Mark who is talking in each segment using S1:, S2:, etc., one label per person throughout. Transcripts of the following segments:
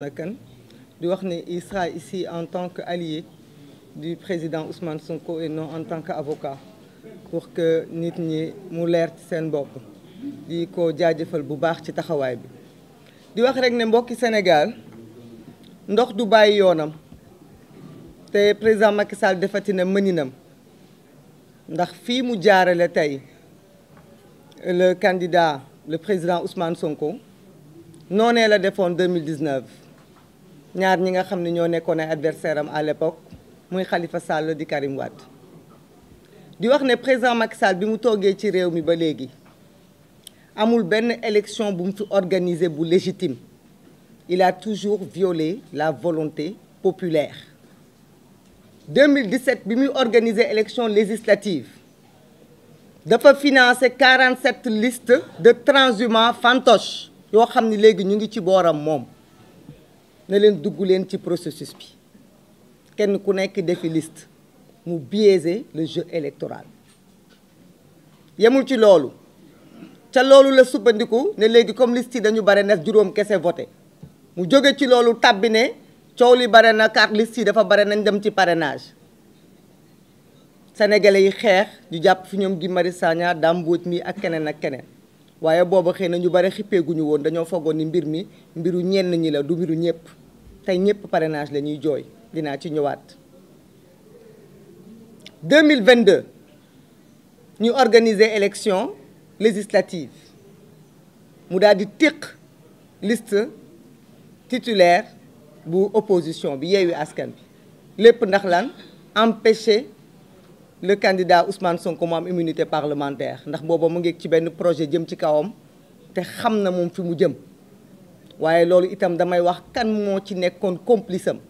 S1: la kan di wax ne il sera ici en tant qu'allié du président Ousmane Sonko et non en tant qu'avocat pour que nit ñi mu leer ci seen bopp di ko jaajëfal bu baax ci taxawaay bi di wax rek ne mbokki Sénégal ndox du bàyyi yoonam te président Macky Sall defati na mëninam ndax fii mu jaarale tey le candidat le président Ousmane Sonko noonee la defoon 2019 ñaar ñi nga xam ne ñoo nekkoon ay adversaire am à l'époque muy Khalifa Sall di Karim Wade di wax ne président Macky Sall bi mu toogee ci réew mi ba léegi amul benn élection bu mu fi organisée bu légitime il a toujours violé la volonté populaire 2017 bi muy organiser élection législative dafa financer 47 listes de transhumants fantoches yoo xam ni léegi ñu ngi ci booram moom ne leen dugg leen ci processus bi kenn ku nekk defi liste mu biaiser le jeu électoral yemul ci loolu ca loolu la sukkandiku ne léegi comme liste yi dañu bare na juróom kese voté mu jóge ci loolu tàbbi ne coow li bare na carte liste yi dafa bare nañ dem ci parrainage senegale yi xeex ñu jàpp fi ñoom Guy Marius Sagna Dame Mbodj mi ak keneen ak keneen waaye boobu xëy na ñu bare xippeeguñu woon dañoo foogoon ni mbir mi mbiru ñenn ñi la du mbiru ñëpp tey ñëpp parrainage la ñuy jooy dinaa ci ñëwaat 2022 ñu organiser élection législative mu daal di tiq list titulaire bu opposition bi Yewwi Askan bi lépp ndax lan empêcher le candidat Ousmane sonk mu am immunité parlementaire ndax booba mu ngekk ci benn projet jëm ci kawam te xam na moom fi mu jëm waaye loolu itam damay wax kan moo ci nekkoon complice am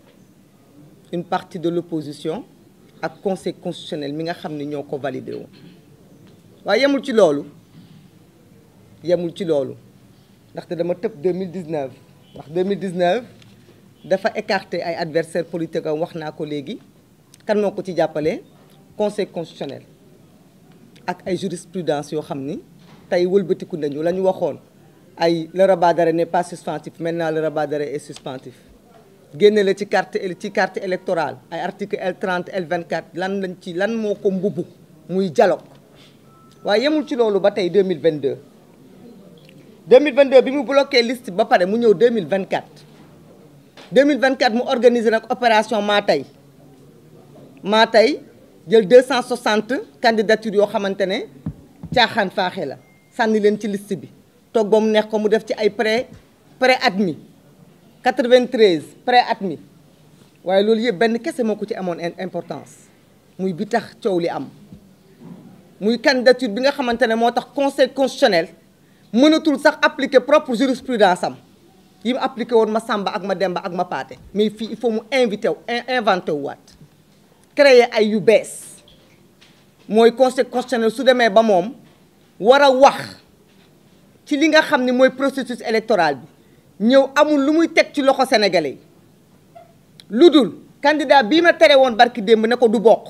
S1: une partie de l'opposition ak conseil constitutionnel mi nga xam ni ñoo ko validé woon waaye yemul ci loolu yemul ci loolu ndaxte dama tëb 2019 ndax 2019 dafa écarté ay adversaires politiques am wax naa ko léegi kan moo ko ci jàppale conseil constitutionnel ak ay jurisprudence yoo xam ni tey wëlbatiku nañu la ñu waxoon ay le rabat d'arrêt n'est pas suspensif maintenant le rabat d'arrêt est suspensif génne la ci carte ci carte électorale ay article L30 l lan lañ ci lan moo ko mbubu muy dialogue waaye yemul ci loolu ba tey 2022 2022 bi mu bloqué liste ba pare mu ñëw 2024 2024 mu organiser nag opération maa tey maa tey jël 260 candidatures yoo xamante ne caaxaan faaxe la sànni leen ci liste bi togg ba mu neex ko mu def ci ay pré pré admis 93 pré admis waaye loolu yëpp benn kese moo ko ci amoon in importance muy bi tax coow li am muy candidature bi nga xamante ne moo tax conseil constitutionnel mënatul sax appliquer propre jurisprudence am yi mu appliqué woon ma Samba ak ma Demba ak ma Paate mais fii il faut mu invité wu inventé wu waat créer ay yu bees mooy conseil constitutionnel su demee ba moom war a wax ci li nga xam ne mooy processus électoral bi ñëw amul lu muy teg ci loxo sénégalais yi lu dul candidat bii ma tere woon barki démb ne ko du bokk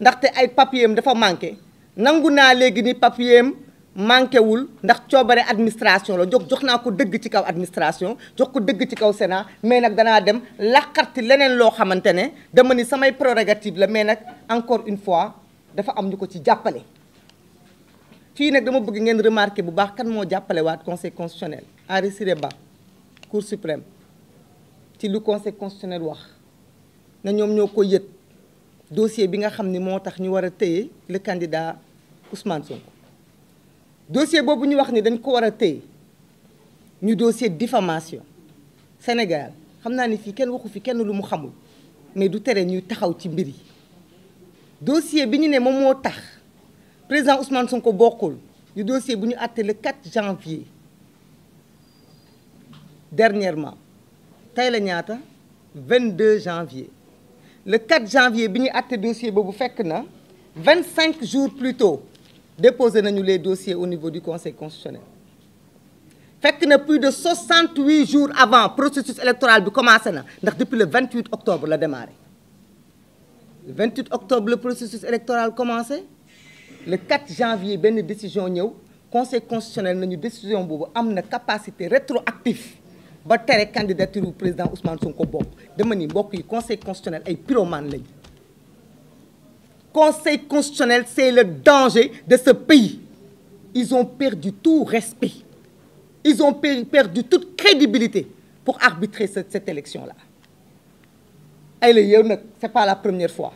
S1: ndaxte ay papier dafa manqué nangu naa léegi ni papier am manqué wul ndax coobare administration la jox jox naa ko dëgg ci kaw administration jox ko dëgg ci kaw Sénat mais nag danaa dem laqarti leneen loo xamante ne dama ni samay prérogative la mais nag encore une fois dafa am ñu ko ci jàppale. fii nag dama bëgg ngeen remarqué bu baax kan moo jàppale waat conseil constitutionnel Henri Ciré Ba cour suprême ci lu conseil constitutionnel wax na ñoom ñoo ko yët dossier bi nga xam ni moo tax ñu war a téye le candidat Ousmane Sonko dossier boobu ñu wax ni dañ ko war a téye ñu dossier diffamation Sénégal xam naa ni fii kenn waxu fi kenn lu mu xamul mais du tere ñuy taxaw ci mbir yi dossier bi ñu ne moom moo tax président Ousmane ko bokkul ñu dossier bu ñu àtte le 4 janvier dernièrement tey la ñaata 22 janvier le 4 janvier bi ñu àtte dossier boobu fekk na 25 jours plus tôt déposé nañu les dossiers au niveau du conseil constitutionnel fekk na plus de 68 jours avant processus électoral bi commencé na ndax depuis le 28 octobre la démarré le 28 octobre le processus électoral commencé le 4 janvier benn décision ñëw conseil constitutionnel nañu décision boobu am na capacité rétroactive ba tere candidature président Ousmane Sonko bokk dama ni mbokk yi conseil constitutionnel ay pyromane lañu conseil constitutionnel c'est le danger de ce pays ils ont perdu tout respect ils ont perdu toute crédibilité pour arbitrer cette cette élection là ay la yow nag c'est pas la première fois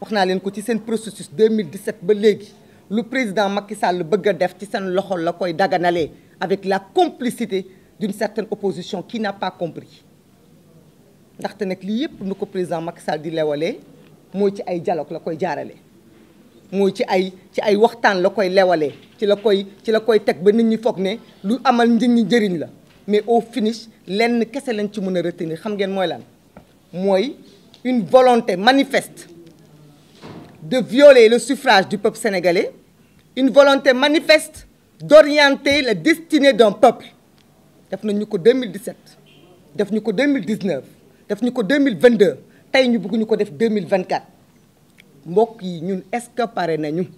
S1: wax naa leen ko ci seen processus 2017 ba léegi lu président Macky Sall bëgg a def ci seen loxo la koy daganalee avec la complicité d'une certaine opposition qui n'a pas compris ndaxte nag lii yëpp nu ko président Macky Sall di lewalee mooy ci ay dialogue la koy jaarale mooy ci ay ci ay waxtaan la koy lewalee ci la koy ci la koy teg ba nit ñi foog ne lu amal njëriñ njëriñ la mais au finish lenn kese lañ ci mun a retenir xam ngeen mooy lan mooy une volonté manifeste de violer le suffrage du peuple sénégalais, une volonté manifeste d'orienter la destinée d'un peuple. def nañ ñu ko 2017 def ñu ko 2019 def ñu ko 2022 tey ñu bëgg ñu ko def 2024 mbokk yi ñun est-ce que pare nañu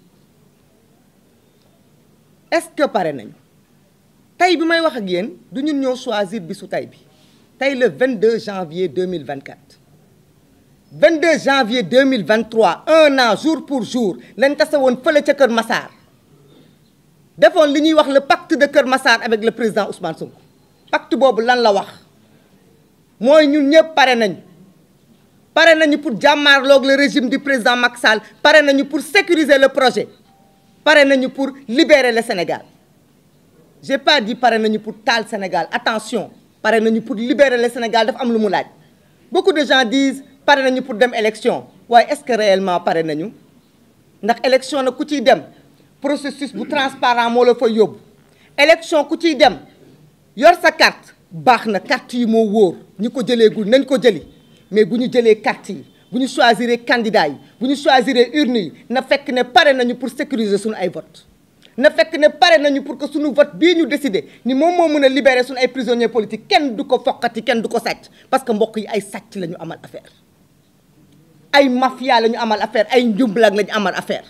S1: est-ce que pare nañu tey bi may wax ak yéen du ñun ñoo choisir bisu tey bi tey le 22 janvier 2024. 22 janvier 2023 un an jour pour jour lañ tase woon fële ca Kër Massar defoon li ñuy wax le pacte de Kër Massar avec le président Ousmane Sonko pacte boobu lan la wax mooy ñun ñëpp pare nañ pare nañu pour jàmmaarloog le régime du président Macky Sall pare nañu pour sécuriser le projet pare nañu pour libérer le Sénégal j'ai pas dit pare nañu pour taal Sénégal attention pare nañu pour libérer le Sénégal dafa am lu mu laaj beaucoup de gens pare nañu pour dem élection waaye est-ce que réellement pare nañu ndax élection nag ku ciy dem processus bu transparent moo la fa yóbbu élection ku ciy dem yor sa carte baax na carte yi moo wóor ñi ko jëlee gul nañ ko jëli mais bu ñu jëlee carte yi bu ñu choisiree candidat yi bu ñu choisiree urne yi na fekk ne pare nañu pour sécuriser suñu ay vote na fekk ne pare nañu pour que suñu vote bii ñu décidé ni moom moo mën a libérer suñu ay prisonniers politiques kenn du ko foqati kenn du ko sàcc parce que mbokk yi ay sàcc la ñu amal affaire ay mafia la ñu amal affaire ay njublaag la amal affaire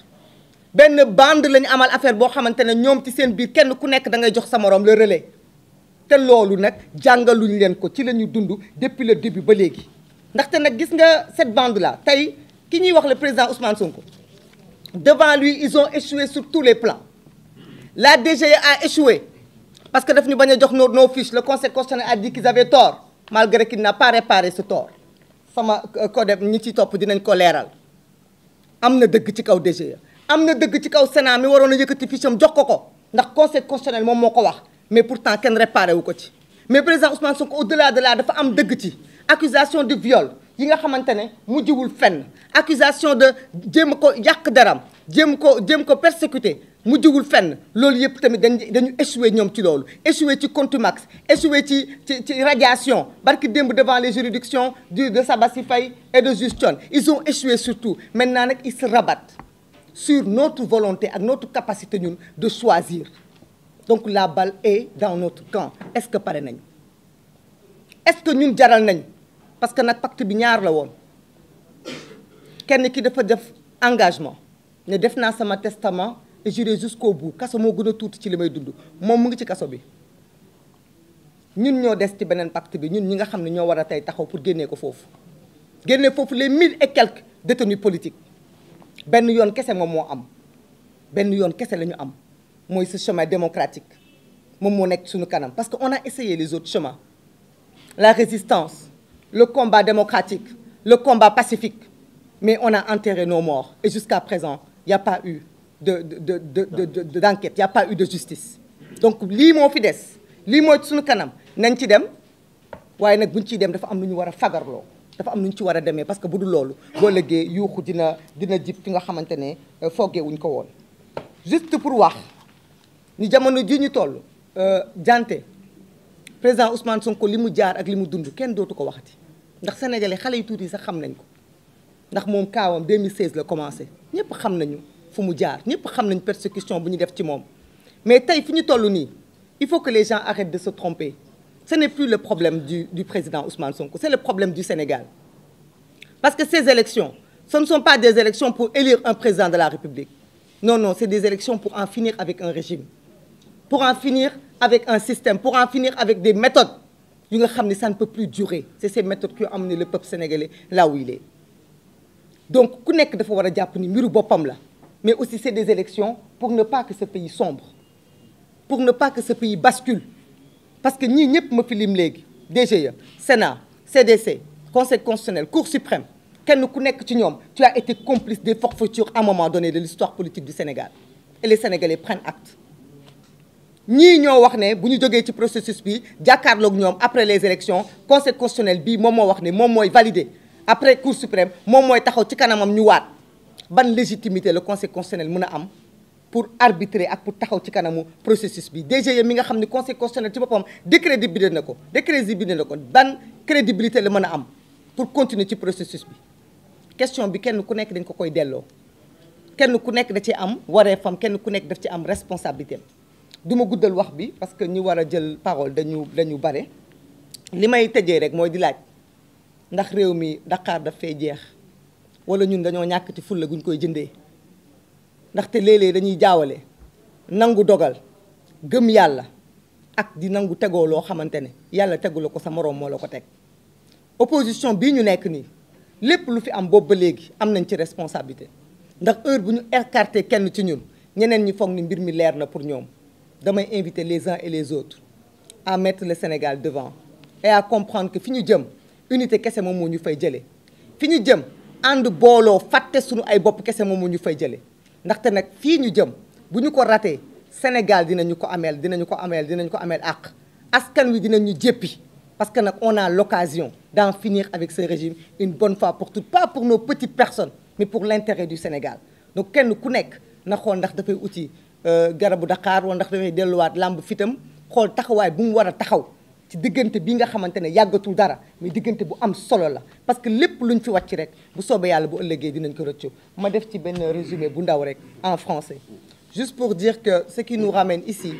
S1: benn bande la ñu amal affaire boo xamante ne ñoom ci seen biir kenn ku nekk da ngay jox sa moroom le relais te loolu nag jàngaluñ leen ko ci la ñu dund depuis le début ba léegi. ndaxte nag gis nga cette bande là tey ki ñuy wax le président Ousmane ko devant lui ils ont échoué sur tous les plans la DGE a échoué parce que daf ñu bañ a jox nos nos fiches le conseil constitutionnel a dit qu'ils avaient tort malgré qu'il sama CODEB euh, ñi ci topp dinañ ko leeral am na dëgg ci kaw DGE am na dëgg ci kaw Sénat mi waroon a yëkkati ficham jox ko ko ndax conseil constitutionnel moom moo ko wax mais pourtant kenn réparé wu ko ci mais président Ousmane Sonko au delà de là dafa am dëgg ci accusation de viol yi nga xamante ne mujjiwul fenn accusation de jéem ko yàq daram jëm ko jëm ko persécuter mu jugul fenn loolu yëpp tamit dañ dañu échoué ñoom ci loolu échoué ci contumax échoué ci ci ci radiation barki démb devant les juridictions de Sabassi Faye et de Justion ils ont échoué surtout maintenant nag ils se rabattent sur notre volonté ak notre capacité ñun de choisir donc la balle et dans notre camp est-ce que pare nañ est-ce que ñun jaral nañ parce que nag pacte bi ñaar la woon kenn ki dafa def engagement ne def naa sama testament et j'irai jusqu'au bout kaso moo gën a tuuti ci li may dund moom mu ngi ci kaso bi ñun ñoo des ci beneen pacte bi ñun ñi nga xam ne ñoo war a tey taxaw pour génnee ko foofu génne foofu les mille et quelques détenus politique benn yoon kese moom moo am benn yoon kese lañu am mooy si chemin démocratique moom moo nekk suñu kanam parce que on a essayé les autres chemins la résistance le combat démocratique le combat pacifique mais on a enterré nos morts et jusqu'à présent il de de de de de d'enquête y a pas eu de justice donc lii moo fi des lii moo suñu kanam nañ ci dem waaye nag buñ ciy dem dafa am lu ñu war a fagarloo dafa am lu ci war a demee parce que bu dul loolu boo lëggee yuuxu dina dina jib fi nga xamante ne euh, foogee wuñ ko woon juste pour wax ni jamono ji ñu toll jante euh, président Ousmane Sonko li mu jaar ak li mu dund kenn dootu ko waxati ndax sénégalais xale yu tuuti sax xam nañ ko ndax moom kaawam 2016 la commencé ñëpp xam nañu fu mu jaar ñëpp xam nañ persécution bu ñu def ci moom mais tey fi ñu toll nii il faut que les gens arrêtent de se tromper ce n'est plus le problème du du président Ousmane Sonko c'est le problème du Sénégal parce que ces élections ce ne sont pas des élections pour élire un président de la République non non c'est des élections pour en finir avec un régime pour en finir avec un système pour en finir avec des méthodes yu nga xam ne ça ne peut plus durer c'est ces méthodes qui ont amené le peuple sénégalais donc ku nekk dafa war a jàpp ni mbiru boppam la mais aussi c'est des élections pour ne pas que ce pays sombre pour ne pas que ce pays bascule parce que ñii ñëpp ma fi lim léegi DGE Sénat CDC Conseil constitutionnel Cour suprême kenn ku nekk ci ñoom tu as été complice des forfaitures à un moment donné de l'histoire politique du Sénégal et les Sénégalais prennent acte ñii ñoo wax ne bu ñu jógee ci processus bi jàkkaarloog ñoom après les élections Conseil constitutionnel bii moom moo wax ne moom mooy validé après Cour suprême moom mooy taxaw ci kanamam ñu waat ban légitimité la conseil constitutionnel mën a am pour arbitrer ak pour taxaw ci kanamu processus bi DGE mi nga xam ni conseil constitutionnel ci boppam décrédibilité na ko décrédibilité na ko ban crédibilité la mën a am pour continuer ci processus bi question bi kenn ku nekk dañ ko koy delloo kenn ku nekk da ci am wareefam kenn ku nekk daf ci am responsabilité du ma guddal wax bi parce que ñi war a jël parole dañu dañu bare li may tëjee rek mooy di laaj ndax réew mi daqaar daf fay jeex wala ñun dañoo ñàkk ci fulla guñ koy jëndee ndaxte léeg-léeg dañuy jaawale nangu dogal gëm yàlla ak di nangu tegoo loo xamante ne yàlla tegu la ko sa moroom moo la ko teg opposition bii ñu nekk nii lépp lu fi am boobu ba léegi am nañ ci responsabilité ndax heure bu ñu écarté kenn ci ñun ñeneen ñi foog ni mbir mi leer na pour ñoom damay inviter les uns et les autres à mettre le Sénégal devant et à comprendre que fi ñu jëm unité kese moom moo ñu fay jëlee fi ñu jëm ànd booloo fàtte suñu ay bopp kese moom ñu fay jëlee ndaxte nag fii ñu jëm bu ñu ko rate Sénégal dinañu ko ameel dinañu ko ameel dinañu ko ameel àq askan wi ñu jéppi parce que nag on a l'occasion d'en finir avec ce régime une bonne fois pour toutes pas pour nos petites personnes mais pour l'intérêt du Sénégal donc kenn ku nekk na xool ndax dafay uti euh, garabu Dakar wala ndax dafay delluwaat làmb fitam xool taxawaay bu mu war a taxaw ci diggante bi nga xamante ne yàggatul dara mais diggante bu am solo la parce que lépp luñ fi wàcc rek bu soobee yàlla bu ëllëgee dinañ ko rëccu ma def ci benn résumé bu ndaw rek en français juste pour dire que ce qui nous ramène ici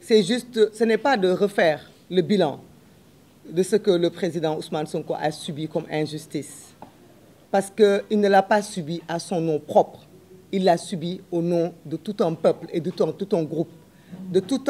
S1: c'est juste ce n'est pas de refaire le bilan de ce que le président Ousmane Sonko a subi comme injustice parce que il ne l'a pas subi à son nom propre il l'a subi au nom de tout un peuple et de tout un, groupe de tout